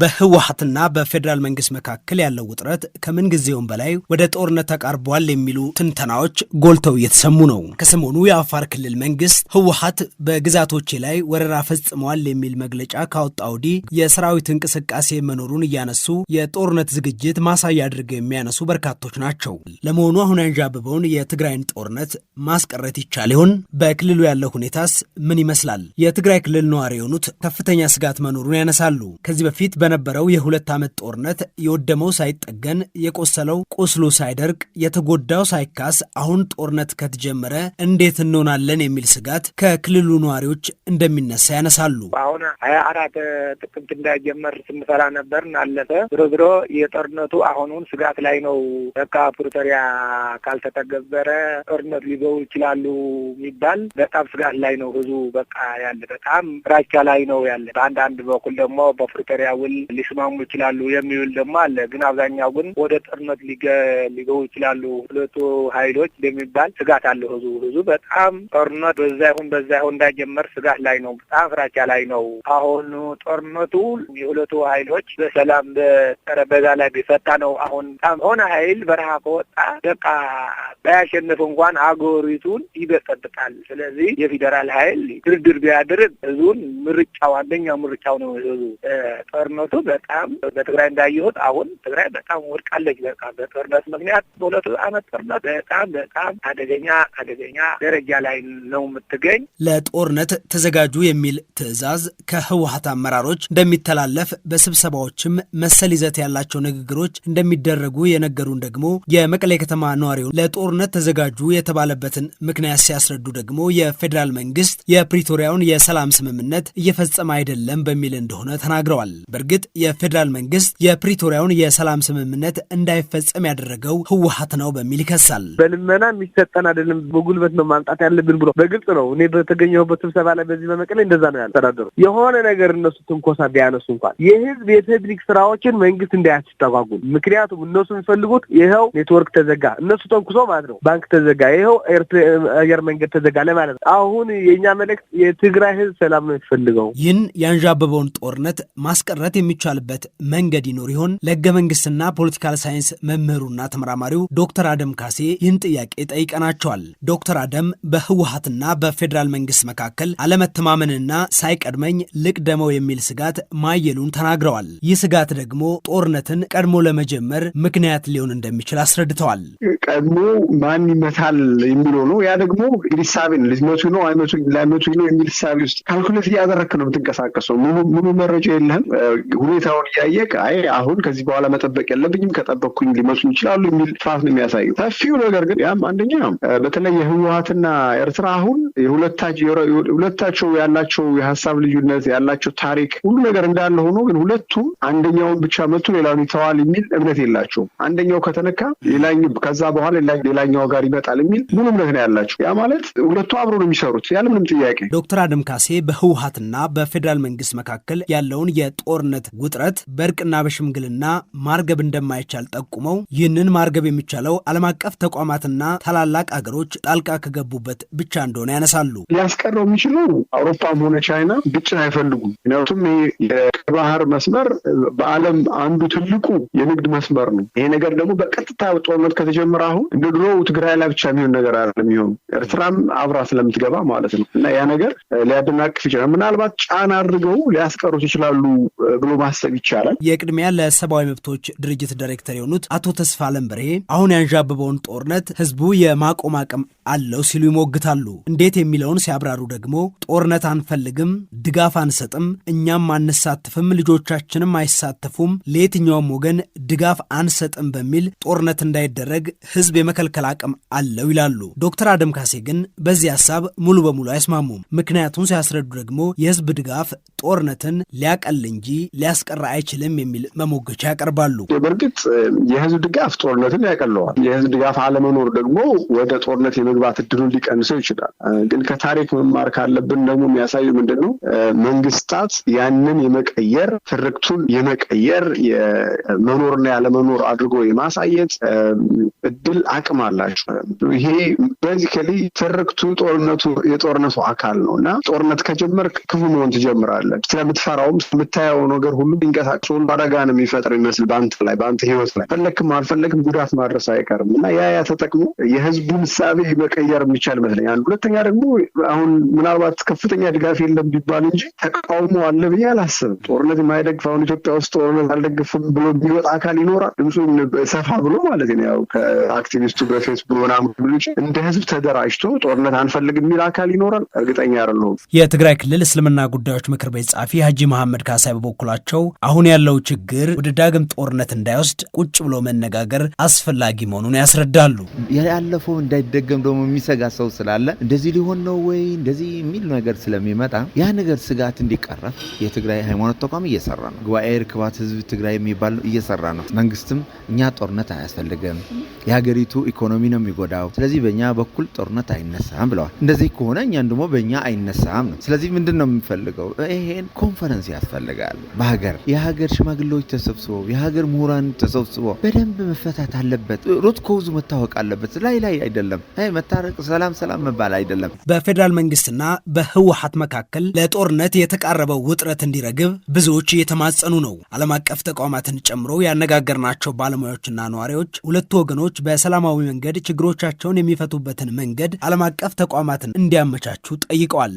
በህወሀትና በፌዴራል መንግስት መካከል ያለው ውጥረት ከምንጊዜውም በላይ ወደ ጦርነት ተቃርቧል የሚሉ ትንተናዎች ጎልተው እየተሰሙ ነው። ከሰሞኑ የአፋር ክልል መንግስት ህወሀት በግዛቶቼ ላይ ወረራ ፈጽመዋል የሚል መግለጫ ካወጣ ወዲህ የሰራዊት እንቅስቃሴ መኖሩን እያነሱ የጦርነት ዝግጅት ማሳያ አድርገው የሚያነሱ በርካቶች ናቸው። ለመሆኑ አሁን ያንዣብበውን የትግራይን ጦርነት ማስቀረት ይቻል ይሆን? በክልሉ ያለው ሁኔታስ ምን ይመስላል? የትግራይ ክልል ነዋሪ የሆኑት ከፍተኛ ስጋት መኖሩን ያነሳሉ። ከዚህ በፊት በነበረው የሁለት ዓመት ጦርነት የወደመው ሳይጠገን የቆሰለው ቁስሉ ሳይደርቅ የተጎዳው ሳይካስ አሁን ጦርነት ከተጀመረ እንዴት እንሆናለን የሚል ስጋት ከክልሉ ነዋሪዎች እንደሚነሳ ያነሳሉ። አሁን ሀያ አራት ጥቅምት እንዳይጀመር ስንሰራ ነበር አለፈ። ዝሮ ዝሮ የጦርነቱ አሁኑን ስጋት ላይ ነው። በቃ ፕሪቶሪያ ካልተተገበረ ጦርነት ሊገቡ ይችላሉ የሚባል በጣም ስጋት ላይ ነው ህዝቡ በቃ ያለ በጣም ራቻ ላይ ነው ያለ። በአንዳንድ በኩል ደግሞ በፕሪቶሪያ ውል ሊስማሙ ይችላሉ የሚውል ደግሞ አለ። ግን አብዛኛው ግን ወደ ጦርነት ሊገቡ ይችላሉ ሁለቱ ኃይሎች እንደሚባል ስጋት አለው ህዙ ህዙ በጣም ጦርነት በዛ ይሁን በዛ ይሁን እንዳይጀመር ስጋት ላይ ነው። በጣም ፍራቻ ላይ ነው። አሁን ጦርነቱ የሁለቱ ኃይሎች በሰላም በጠረጴዛ ላይ ቢፈታ ነው። አሁን በጣም ሆነ ኃይል በረሃ ከወጣ በቃ ባያሸንፍ እንኳን አገሪቱን ይበጠብጣል። ስለዚህ የፌዴራል ኃይል ድርድር ቢያድርግ ህዝቡን ምርጫው አንደኛው ምርጫው ነው ህዝቡ ጦርነቱ በጣም በትግራይ እንዳየሁት አሁን ትግራይ በጣም ወድቃለች። በቃ በጦርነት ምክንያት በሁለቱ ዓመት ጦርነት በጣም በጣም አደገኛ አደገኛ ደረጃ ላይ ነው የምትገኝ። ለጦርነት ተዘጋጁ የሚል ትዕዛዝ ከህወሀት አመራሮች እንደሚተላለፍ በስብሰባዎችም መሰል ይዘት ያላቸው ንግግሮች እንደሚደረጉ የነገሩን ደግሞ የመቀሌ ከተማ ነዋሪው ለጦርነት ተዘጋጁ የተባለበትን ምክንያት ሲያስረዱ ደግሞ የፌዴራል መንግስት የፕሪቶሪያውን የሰላም ስምምነት እየፈጸመ አይደለም በሚል እንደሆነ ተናግረዋል። በእርግጥ የፌዴራል መንግስት የፕሪቶሪያውን የሰላም ስምምነት እንዳይፈጸም ያደረገው ህወሀት ነው በሚል ይከሳል። በልመና የሚሰጠን አይደለም፣ በጉልበት ነው ማምጣት ያለብን ብሎ በግልጽ ነው። እኔ በተገኘሁበት ስብሰባ ላይ በዚህ በመቀሌ እንደዛ ነው ያስተዳደሩ። የሆነ ነገር እነሱ ትንኮሳ ቢያነሱ እንኳን የህዝብ የፐብሊክ ስራዎችን መንግስት እንዳያስተጓጉል። ምክንያቱም እነሱ የሚፈልጉት ይኸው ኔትወርክ ተዘጋ፣ እነሱ ተንኩሶ ማለት ነው። ባንክ ተዘጋ፣ ይኸው አየር መንገድ ተዘጋ ለማለት ነው። አሁን የእኛ መልእክት የትግራይ ህዝብ ሰላም ነው የሚፈልገው። ይህን ያንዣበበውን ጦርነት ማስቀረት የሚቻልበት መንገድ ይኖር ይሆን? ለህገ መንግስትና ፖለቲካል ሳይንስ መምህሩና ተመራማሪው ዶክተር አደም ካሴ ይህን ጥያቄ ጠይቀናቸዋል። ዶክተር አደም በህወሀትና በፌዴራል መንግስት መካከል አለመተማመንና ሳይቀድመኝ ልቅደመው የሚል ስጋት ማየሉን ተናግረዋል። ይህ ስጋት ደግሞ ጦርነትን ቀድሞ ለመጀመር ምክንያት ሊሆን እንደሚችል አስረድተዋል። ቀድሞ ማን ይመታል የሚለው ነው። ያ ደግሞ እንግዲህ ሳቤ ነው። ሊመቱ ነው ላይመቱ ነው የሚል ሳቤ ውስጥ ካልኩሌት እያደረክ ነው የምትንቀሳቀሰው። ሙሉ መረጃ የለህም። ሁኔታውን እያየቅ አይ አሁን ከዚህ በኋላ መጠበቅ የለብኝም ከጠበቅኩኝ ሊመቱኝ ይችላሉ የሚል ፍርሃት ነው የሚያሳየው። ሰፊው ነገር ግን ያም አንደኛ በተለይ የህወሀትና ኤርትራ አሁን ሁለታቸው ያላቸው የሀሳብ ልዩነት ያላቸው ታሪክ ሁሉ ነገር እንዳለ ሆኖ ግን ሁለቱም አንደኛውን ብቻ መቱ ሌላውን ይተዋል የሚል እምነት የላቸውም። አንደኛው ከተነካ ሌላኛው ከዛ በኋላ ሌላኛው ጋር ይመጣል የሚል ሙሉ እምነት ነው ያላቸው። ያ ማለት ሁለቱ አብሮ ነው የሚሰሩት ያለምንም ጥያቄ። ዶክተር አደም ካሴ በህውሀትና በፌዴራል መንግስት መካከል ያለውን የጦርነት ውጥረት በእርቅና በሽምግልና ማርገብ እንደማይቻል ጠቁመው ይህንን ማርገብ የሚቻለው ዓለም አቀፍ ተቋማትና ታላላቅ አገሮች ጣልቃ ከገቡበት ብቻ እንደሆነ ያነሳሉ። ሊያስቀረው የሚችለው አውሮፓም ሆነ ቻይና ግጭት አይፈልጉም። ምክንያቱም ይሄ የባህር መስመር በዓለም አንዱ ትልቁ የንግድ መስመር ነው። ይሄ ነገር ደግሞ በቀጥታ ጦርነት ከተጀመረ አሁን እንደ ድሮ ትግራይ ላይ ብቻ የሚሆን ነገር አለ የሚሆኑ ኤርትራም አብራ ስለምትገባ ማለት ነው እና ያ ነገር ሊያደናቅፍ ይችላል። ምናልባት ጫና አድርገው ሊያስቀሩት ይችላሉ ብሎ ማሰብ ይቻላል። የቅድሚያ ለሰብአዊ መብቶች ድርጅት ዳይሬክተር የሆኑት አቶ ተስፋ ለምበሬ አሁን ያንዣብበውን ጦርነት ህዝቡ የማቆም አቅም አለው ሲሉ ይሞግታሉ። እንዴት የሚለውን ሲያብራሩ ደግሞ ጦርነት አንፈልግም፣ ድጋፍ አንሰጥም፣ እኛም አንሳትፍም፣ ልጆቻችንም አይሳተፉም፣ ለየትኛውም ወገን ድጋፍ አንሰጥም በሚል ጦርነት እንዳይደረግ ህዝብ የመከልከል አቅም አለው ይላሉ። ዶክተር አደም ካሴ ግን በዚህ ሀሳብ ሙሉ በሙሉ አይስማሙም። ምክንያቱን ሲያስረዱ ደግሞ የህዝብ ድጋፍ ጦርነትን ሊያቀል እንጂ ሊያስቀራ አይችልም የሚል መሞገቻ ያቀርባሉ። በእርግጥ የህዝብ ድጋፍ ጦርነትን ያቀለዋል። የህዝብ ድጋፍ አለመኖር ደግሞ ወደ ጦርነት የመግባት እድሉን ሊቀንሰው ይችላል። ግን ከታሪክ መማር ካለብን ደግሞ የሚያሳዩ ምንድን ነው መንግስታት ያንን የመቀየር ትርክቱን የመቀየር የመኖርና ያለመኖር አድርጎ የማሳየት ድል አቅም አላቸው። ይሄ ቤዚካሊ ትርክቱ ጦርነቱ የጦርነቱ አካል ነው እና ጦርነት ከጀመር ክፉ መሆን ትጀምራለን። ስለምትፈራውም የምታየው ነገር ሁሉ ሊንቀሳቀሱን ነው የሚፈጥር ይመስል በአንተ ላይ በአንተ ህይወት ላይ ፈለግክም አልፈለግም ጉዳት ማድረስ አይቀርም እና ያ ያ ተጠቅሞ የህዝቡን መቀየር የሚቻል ይመስለኛል። ሁለተኛ ደግሞ አሁን ምናልባት ከፍተኛ ድጋፍ የለም ቢባል እንጂ ተቃውሞ አለ ብዬ አላስብም። ጦርነት የማይደግፍ አሁን ኢትዮጵያ ውስጥ ጦርነት አልደግፍም ብሎ የሚወጣ አካል ይኖራል። ድምፁ ሰፋ ብሎ ማለት ነው ያው አክቲቪስቱ በፌስቡክ ምናምን ብሎች እንደ ህዝብ ተደራጅቶ ጦርነት አንፈልግ የሚል አካል ይኖራል እርግጠኛ አይደለሁም። የትግራይ ክልል እስልምና ጉዳዮች ምክር ቤት ጸሐፊ ሀጂ መሐመድ ካሳይ በበኩላቸው አሁን ያለው ችግር ወደ ዳግም ጦርነት እንዳይወስድ ቁጭ ብሎ መነጋገር አስፈላጊ መሆኑን ያስረዳሉ። ያለፈው እንዳይደገም ደግሞ የሚሰጋ ሰው ስላለ እንደዚህ ሊሆን ነው ወይ እንደዚህ የሚል ነገር ስለሚመጣ ያ ነገር ስጋት እንዲቀረፍ የትግራይ ሃይማኖት ተቋም እየሰራ ነው። ጉባኤ ርክባት ህዝብ ትግራይ የሚባል እየሰራ ነው። መንግስትም እኛ ጦርነት አያስፈልገም የሀገሪቱ ኢኮኖሚ ነው የሚጎዳው፣ ስለዚህ በእኛ በኩል ጦርነት አይነሳም ብለዋል። እንደዚህ ከሆነ እኛን ደግሞ በእኛ አይነሳም ነው። ስለዚህ ምንድን ነው የምንፈልገው? ይሄን ኮንፈረንስ ያስፈልጋል። በሀገር የሀገር ሽማግሌዎች ተሰብስቦ የሀገር ምሁራን ተሰብስቦ በደንብ መፈታት አለበት። ሩት ኮውዙ መታወቅ አለበት። ላይ ላይ አይደለም መታረቅ፣ ሰላም ሰላም መባል አይደለም። በፌዴራል መንግስትና በህወሀት መካከል ለጦርነት የተቃረበው ውጥረት እንዲረግብ ብዙዎች እየተማጸኑ ነው። ዓለም አቀፍ ተቋማትን ጨምሮ ያነጋገርናቸው ባለሙያዎችና ነዋሪዎች ሁለቱ ወገኖች በሰላማዊ መንገድ ችግሮቻቸውን የሚፈቱበትን መንገድ ዓለም አቀፍ ተቋማትን እንዲያመቻቹ ጠይቀዋል።